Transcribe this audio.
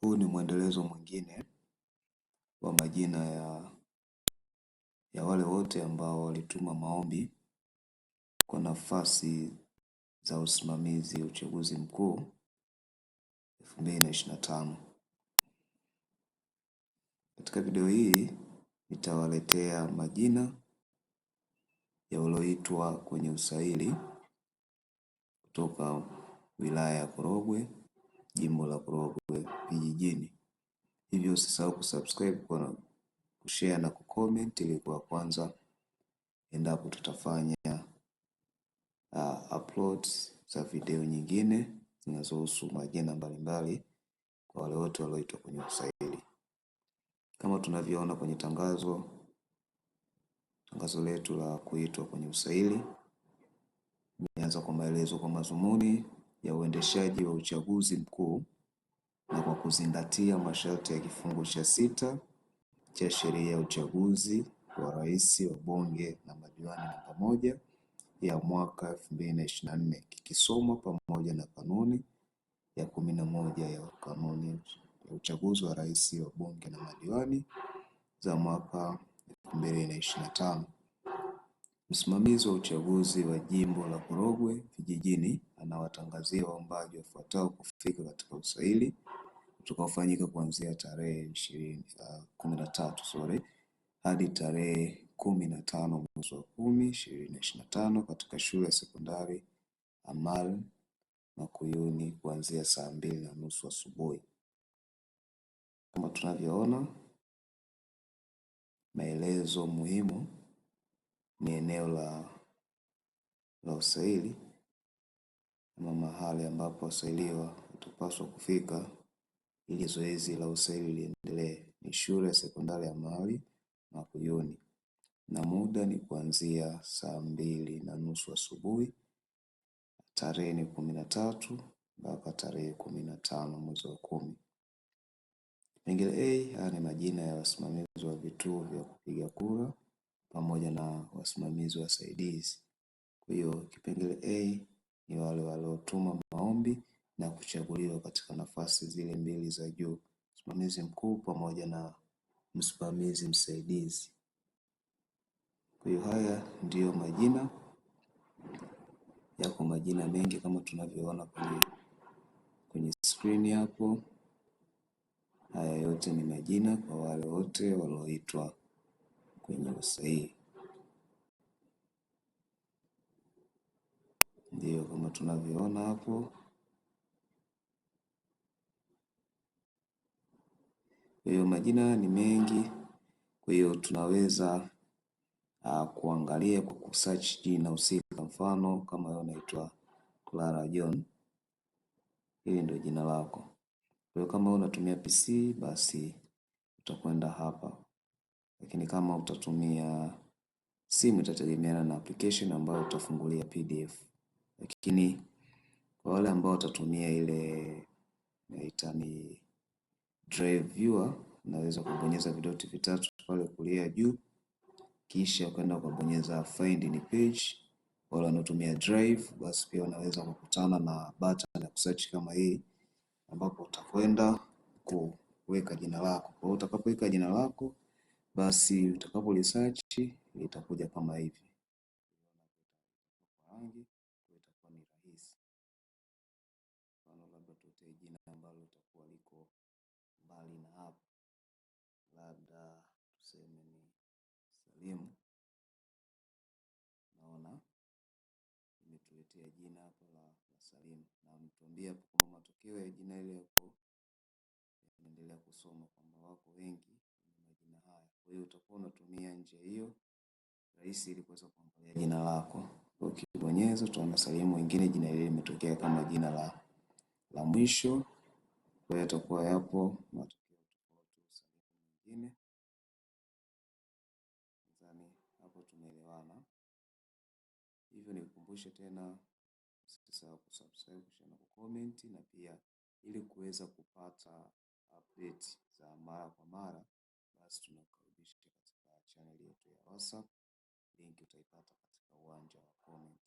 Huu ni mwendelezo mwingine wa majina ya wale wote ambao walituma maombi kwa nafasi za usimamizi uchaguzi mkuu elfu mbili na ishirini na tano. Katika video hii nitawaletea majina ya walioitwa kwenye usaili kutoka wilaya ya Korogwe jimbo la Korogwe Vijijini hivyo usisahau kusubscribe na kushare na kucomment ili kuwa kwanza endapo tutafanya uh, ah, upload za video nyingine zinazohusu majina mbalimbali kwa wale wote walioitwa kwenye usaili. Kama tunavyoona kwenye tangazo tangazo letu la kuitwa kwenye usaili, imeanza kwa maelezo kwa mazumuni ya uendeshaji wa uchaguzi mkuu na kwa kuzingatia masharti ya kifungu cha sita cha sheria ya uchaguzi wa rais bunge na madiwani namba moja ya mwaka 2024 mbili kikisomwa pamoja na kanuni ya kumi na moja ya kanuni ya uchaguzi wa rais bunge na madiwani za mwaka 2025. tano. Msimamizi wa uchaguzi wa jimbo la Korogwe vijijini anawatangazia waombaji wafuatao kufika katika usaili utakaofanyika kuanzia tarehe ishirini uh, kumi na tatu sorry hadi tarehe kumi na tano mwezi wa kumi ishirini na tano katika shule ya sekondari Amal Makuyuni kuanzia saa mbili na nusu asubuhi. Kama tunavyoona, maelezo muhimu ni eneo la la usaili ama mahali ambapo wasailiwa utapaswa kufika ili zoezi la usaili liendelee. Ni shule ya sekondari ya Mahali Makuyuni na muda ni kuanzia saa mbili na nusu asubuhi, tarehe ni kumi na tatu mpaka tarehe kumi na tano mwezi wa kumi. Kipengele A, eh, haya ni majina ya wasimamizi wa vituo vya kupiga kura pamoja na wasimamizi wasaidizi. Kwa hiyo kipengele A ni wale waliotuma maombi na kuchaguliwa katika nafasi zile mbili za juu: msimamizi mkuu pamoja na msimamizi msaidizi. Kwa hiyo haya ndiyo majina, yako majina mengi kama tunavyoona kwenye kwenye skrini hapo. Haya yote ni majina kwa wale wote walioitwa kwenye usahihi. Ndio, kama tunavyoona hapo. Kwa hiyo majina ni mengi, kwa hiyo tunaweza uh, kuangalia kwa kusearch jina husika, mfano kama unaitwa Clara John, hili ndio jina lako. Kwa hiyo kama unatumia PC basi utakwenda hapa, lakini kama utatumia simu itategemeana na application ambayo utafungulia PDF. Lakini kwa wale ambao watatumia ile naita ni drive viewer, unaweza kubonyeza vidoti vitatu pale kulia juu, kisha ukaenda ukabonyeza find in page. Wale wanaotumia drive basi pia wanaweza kukutana na button ya kusearch kama hii, ambapo utakwenda kuweka jina lako. Kwa hiyo utakapoweka jina lako basi utakapo research itakuja kama hivi. ambalo litakuwa liko mbali na hapa, labda tuseme ni Salimu. Naona imetuletea jina hapa la, la Salimu na mtuambia hapo kwamba matokeo ya jina ile yako yanaendelea kusoma kwamba wako wengi wenye majina haya. Kwa hiyo utakuwa unatumia njia hiyo rahisi ili kuweza kuangalia jina lako. Ukibonyeza utaona Salimu wengine jina lile limetokea kama jina la la mwisho kwa hiyo yatakuwa yapo matokeo tofauti usajili mwingine. Nadhani hapo tumeelewana. Hivyo nikukumbushe tena, usisahau kusubscribe, kushare na kucomment, na pia ili kuweza kupata update za mara kwa mara, basi tunakukaribisha katika chaneli yetu ya WhatsApp. Linki utaipata katika uwanja wa comment.